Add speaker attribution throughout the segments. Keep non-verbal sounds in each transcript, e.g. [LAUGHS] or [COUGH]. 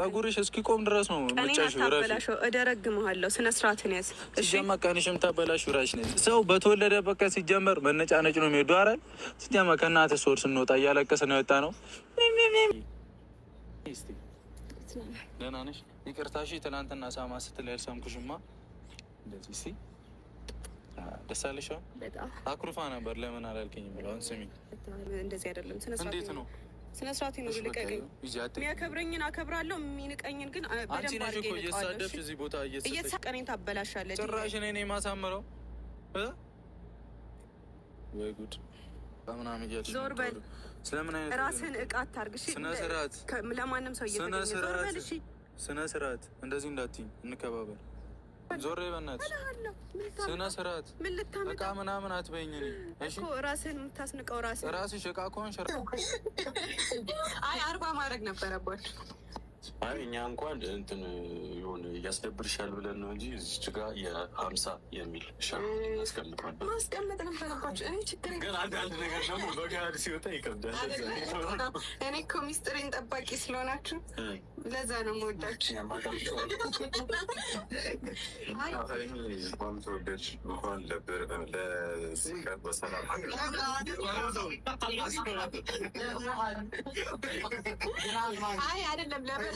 Speaker 1: ፀጉርሽ እስኪቆም ድረስ ነው
Speaker 2: ምጫሽረሽው እደረግመሃለሁ። ስነ ስርዓትን ያዝ።
Speaker 1: ሲጀመር ቀንሽ የምታበላሽ ራሽ ነ ሰው በተወለደ በቃ ሲጀመር መነጫ ነጭ ነው የሚሄዱ አይደል? ሲጀመር ከእናትህ ሶር ስንወጣ እያለቀስን ነው የወጣ ነው። ደህና ነሽ? ይቅርታ ትናንትና ሳማ ስትል ያልሰምኩሽማ እንደዚህ እስኪ ደስ አለሽ? አኩርፋ ነበር። ለምን አላልከኝም? ብለውን ስሚ። እንደዚህ አይደለም። እንዴት ነው ስነ ስርዓቱ ይኑር። ልቀቀኝ።
Speaker 2: የሚያከብረኝን አከብራለሁ፣ የሚንቀኝን ግን
Speaker 1: በደንብ አድርጌ እየተሳደብሽ እዚህ ቦታ
Speaker 2: እየተሳቀረኝ ታበላሻለች።
Speaker 1: ጭራሽ እኔ የማሳምረው ወይ ጉድ ምናምን እያልሽ
Speaker 2: ዞር ራስህን እቃ አታርግሽ። ስነ ለማንም ሰው
Speaker 1: እየተገኘ ዞር በል። ስነ ስርዓት እንደዚህ እንዳትኝ፣ እንከባበል ዞሬ በናት ስነ ስርዓት እቃ ምናምን አትበይኝ። እሺ
Speaker 2: ራስህን የምታስንቀው ራስህ
Speaker 1: ራስሽ እቃ ከሆንሽ
Speaker 2: አይ አርባ ማድረግ ነበረባት።
Speaker 1: አይ እኛ እንኳን እንትን የሆነ እያስደብርሻል ብለን ነው እንጂ እዚች ጋ የሀምሳ የሚል ሻርድ እናስቀምጣል
Speaker 2: ማስቀመጥ ነበረባቸው። እኔ ችግር
Speaker 1: ግን አንዳንድ ነገር ደግሞ በጋድ ሲወጣ ይከብዳል።
Speaker 2: እኔ እኮ ሚስጥሬን ጠባቂ ስለሆናችሁ ለዛ ነው የምወዳችሁ።
Speaker 1: ተወደድሽ እንኳን ለዚህ በሰላም
Speaker 2: አይ አይደለም ለበር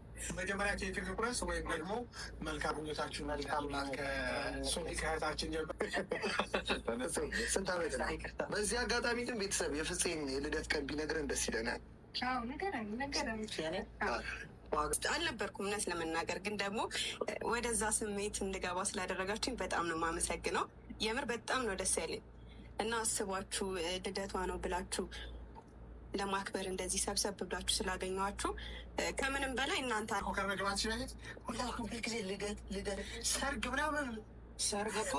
Speaker 1: መጀመሪያ ከኢትዮ ፕሬስ ወይም ደግሞ መልካም ሁኔታችሁ መልካም ከእህታችን ጀምሮ ስንት ዓመት ነው። በዚህ አጋጣሚ ግን ቤተሰብ የፍፄን የልደት ቀን ቢነግረን ደስ ይለናል።
Speaker 2: አልነበርኩም እውነት ለመናገር ግን ደግሞ ወደዛ ስሜት እንድገባ ስላደረጋችሁኝ በጣም ነው የማመሰግነው። የምር በጣም ነው ደስ ያለኝ እና አስባችሁ ልደቷ ነው ብላችሁ ለማክበር እንደዚህ ሰብሰብ ብላችሁ ስላገኘኋችሁ ከምንም በላይ እናንተ
Speaker 1: ከመግባት በፊት ሁላችሁ ጊዜ ልደት ልደት ሰርግ ምናምን
Speaker 2: ሰርግ እኮ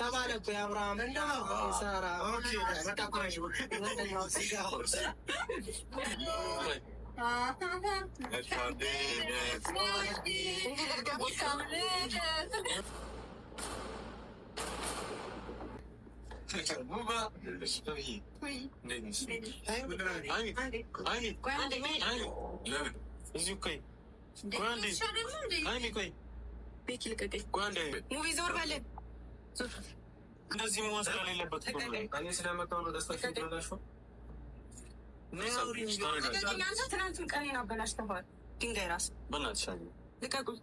Speaker 2: ተባለ እኮ የአብርሃም ሳራ
Speaker 1: እንደዚህ መሆን ስለሌለበት ስለመጣሁ ነው።
Speaker 2: ቀኔን አበላሽተዋል። ድንጋይ ራስ በእናትሽ ልቀቁኝ።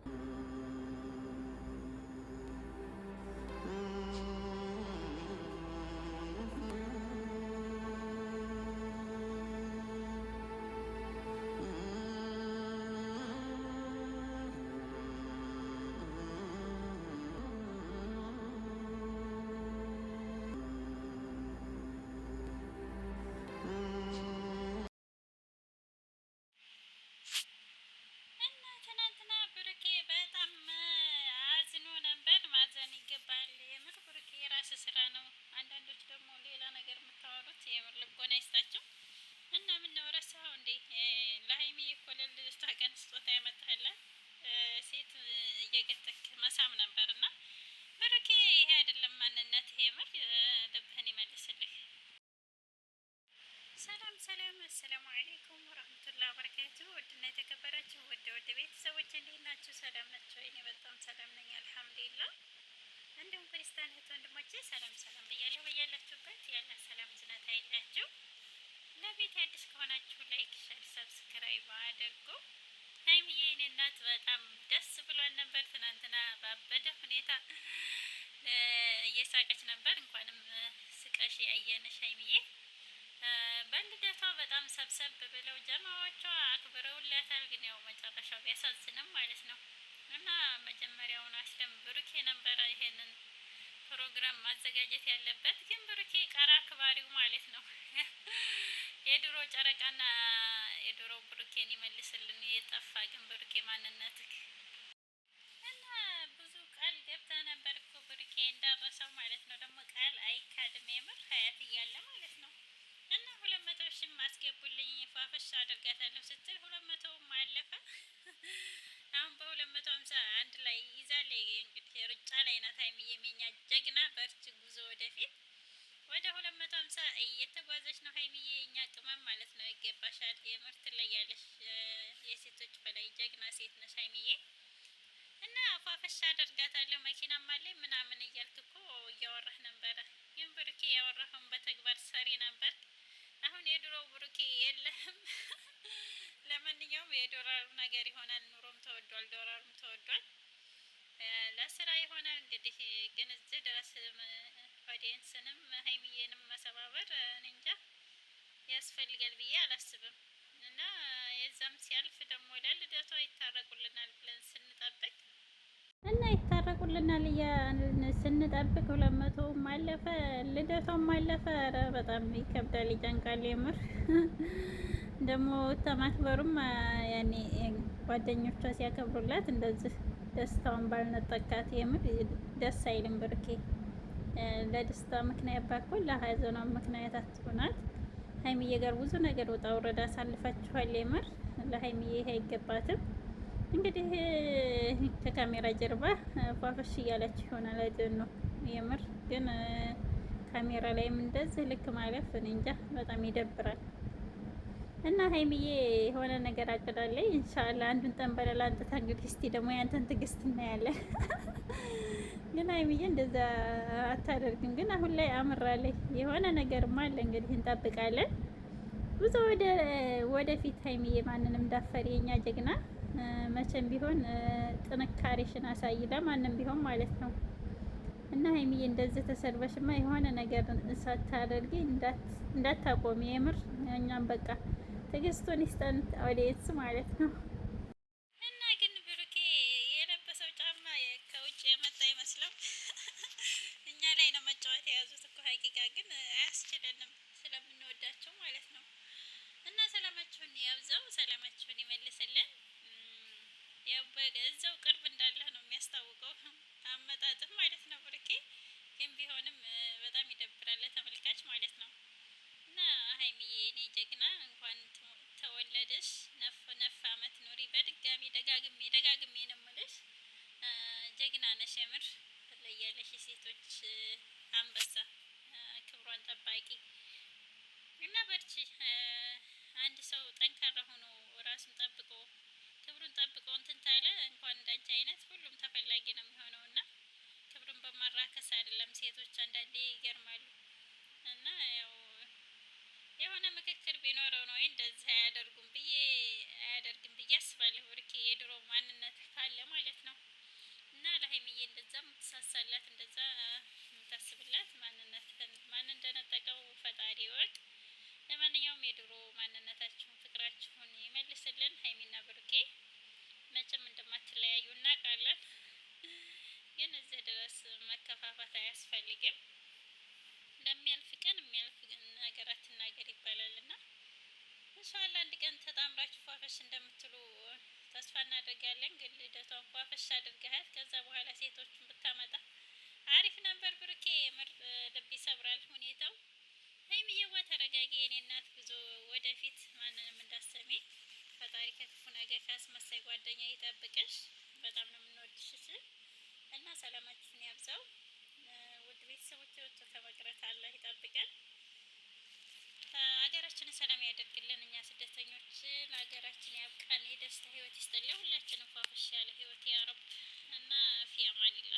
Speaker 2: የምር ልቦና ይስጣቸው እና ምነው ረሳኸው እንዴ? ለሀይሚ እኮ ለልደቷ ስጦታ ያመጣህላት ሴት እየገተክ መሳም ነበር እና ብሩኬ፣ ይሄ አይደለም ማንነት። ይሄ የምር ልብህን ይመልስልህ። ሰላም ሰላም፣ አሰላሙ አሌይኩም ወረህመቱላ በረካቱ። ውድና የተከበራችሁ ውድ ውድ ቤተሰቦች እንዴት ናችሁ? ሰላም ናቸው። እኔ በጣም ሰላም ነኝ፣ አልሐምዱሊላ እንዲሁም ክርስቲያን እህት ወንድሞቼ ሰላም ሰላም ብያለሁ። በያላችሁበት ያለ ሰላም ዝናት አይላችሁ። ለቤት አዲስ ከሆናችሁ ላይክ፣ ሸር፣ ሰብስክራይብ አድርጉ። ሀይሚዬ የኔ እናት በጣም ደስ ብሏን ነበር። ትናንትና ባበደ ሁኔታ እየሳቀች ነበር። እንኳንም ስቀሽ ያየንሽ ሀይሚዬ በልደቷ በጣም ሰብሰብ ብለው ጀማዎቿ ማዘጋጀት ያለበት ግን ብሩኬ ቃራ አክባሪው ማለት ነው። [LAUGHS] የድሮ ጨረቃና የድሮ ብሩኬን እየተጓዘች ነው ሀይሚዬ፣ እኛ ቅመም ማለት ነው። ይገባሻል። የምርት ላይ ያለሽ የሴቶች በላይ ጀግና ሴት ነሽ ሀይሚዬ። እና አፏፈሻ አደርጋታለሁ መኪናም አለ ምናምን እያልክ እኮ እያወራህ ነበረ። ግን ብሩኬ ያወራኸውን በተግባር ሰሪ ነበር። አሁን የድሮ ብሩኬ የለህም። [LAUGHS] ለማንኛውም የዶላሩ ነገር ይሆናል። ኑሮም ተወዷል፣ ዶላሩም ተወዷል። ለስራ ይሆናል እንግዲህ ግን እዚህ ድረስ ቴንስንም ሀይሚዬንም መሰባበር እንጃ ያስፈልጋል ብዬ አላስብም። እና የዛም ሲያልፍ ደግሞ ለልደቷ ይታረቁልናል ብለን ስንጠብቅ እና ይታረቁልናል ስንጠብቅ ሁለት ልደቷም ኧረ በጣም ይከብዳል፣ ይጨንቃል የምር [LAUGHS] ደግሞ ተማክበሩም ያኔ ጓደኞቿ ሲያከብሩላት እንደዚህ ደስታውን ባልነጠቃት የምር ደስ አይልም ብርኬ ለደስታ ምክንያት ባኮን ለሀዘኗ ምክንያት አትሆናት። ሀይሚዬ ጋር ብዙ ነገር ወጣ ወረዳ አሳልፋችኋል። የምር ለሀይሚዬ ይሄ አይገባትም። እንግዲህ ከካሜራ ጀርባ ፏፈሽ እያላችሁ ይሆናል አይደል? ነው የምር ግን ካሜራ ላይም እንደዚህ ልክ ማለፍ እንጃ በጣም ይደብራል። እና ሀይሚዬ የሆነ ነገር አቅዳለኝ። ኢንሻአላህ አንዱን ጠንበለል አንጥታ፣ እንግዲህ እስቲ ደግሞ ያንተን ትዕግስት እናያለን። ግን ሀይሚዬ እንደዛ አታደርግም። ግን አሁን ላይ አምራለች። የሆነ ነገርማ አለ እንግዲህ እንጠብቃለን። ብዙ ወደ ወደፊት ሀይሚዬ ማንንም እንዳፈሪ የኛ ጀግና መቼም ቢሆን ጥንካሬሽን አሳይ ለማንም ቢሆን ማለት ነው። እና ሀይሚዬ እንደዚህ ተሰርበሽማ የሆነ ነገር ሳታደርጊ እንዳታቆሚ የምር እኛም በቃ ትዕግስቱን ይስጠን ኦዲየንስ ማለት ነው። ደቂቃ ግን አያስችለንም ስለምንወዳቸው ማለት ነው። እና ሰላማችሁን ያብዛው፣ ሰላማችሁን ይመልስልን። እዛው ቅርብ እንዳለ ነው የሚያስታውቀው አመጣጥም ማለት ነው። ብርኬ ግን ቢሆንም እና በርቺ። አንድ ሰው ጠንካራ ሆኖ ራሱን ጠብቆ ክብሩን ጠብቆ እንትን ታለ እንኳን እንዳንቺ አይነት ሁሉም ተፈላጊ ነው የሚሆነው። እና ክብሩን በማራከስ አይደለም። ሴቶች አንዳንዴ ይገርማሉ። እና ያው የሆነ ምክክር ቢኖረው ፏፈሽ እንደምትሉ ተስፋ እናደርጋለን። ግን ልደቷ እንኳ ፏፈሽ አድርገሃል። ከዛ በኋላ ሴቶችን ብታመጣ አሪፍ ነበር። ብርኬ ምርጥ ልብ ይሰብራል ሁኔታው። እየዋ ተረጋጊ የኔ እናት፣ ጉዞ ወደፊት። ማንንም እንዳሰሜ ፈጣሪ ከክፉ ነገር ከአስመሳይ ጓደኛ ይጠብቅሽ። በጣም ነው የምንወድሽ እና ሰላማችሁን ያብዛው። ውድ ቤተሰቦች ወጥቶ ከመቅረት አላህ ይጠብቀን። ሀገራችንን ሰላም ያደርግልን። እኛ ስደተኞችን ሀገራችን ያብቃን። የደስታ ህይወት ይስጠን። ለሁላችንም ፏፈሽ ያለ ህይወት ያረብ እና ፊያማኒላ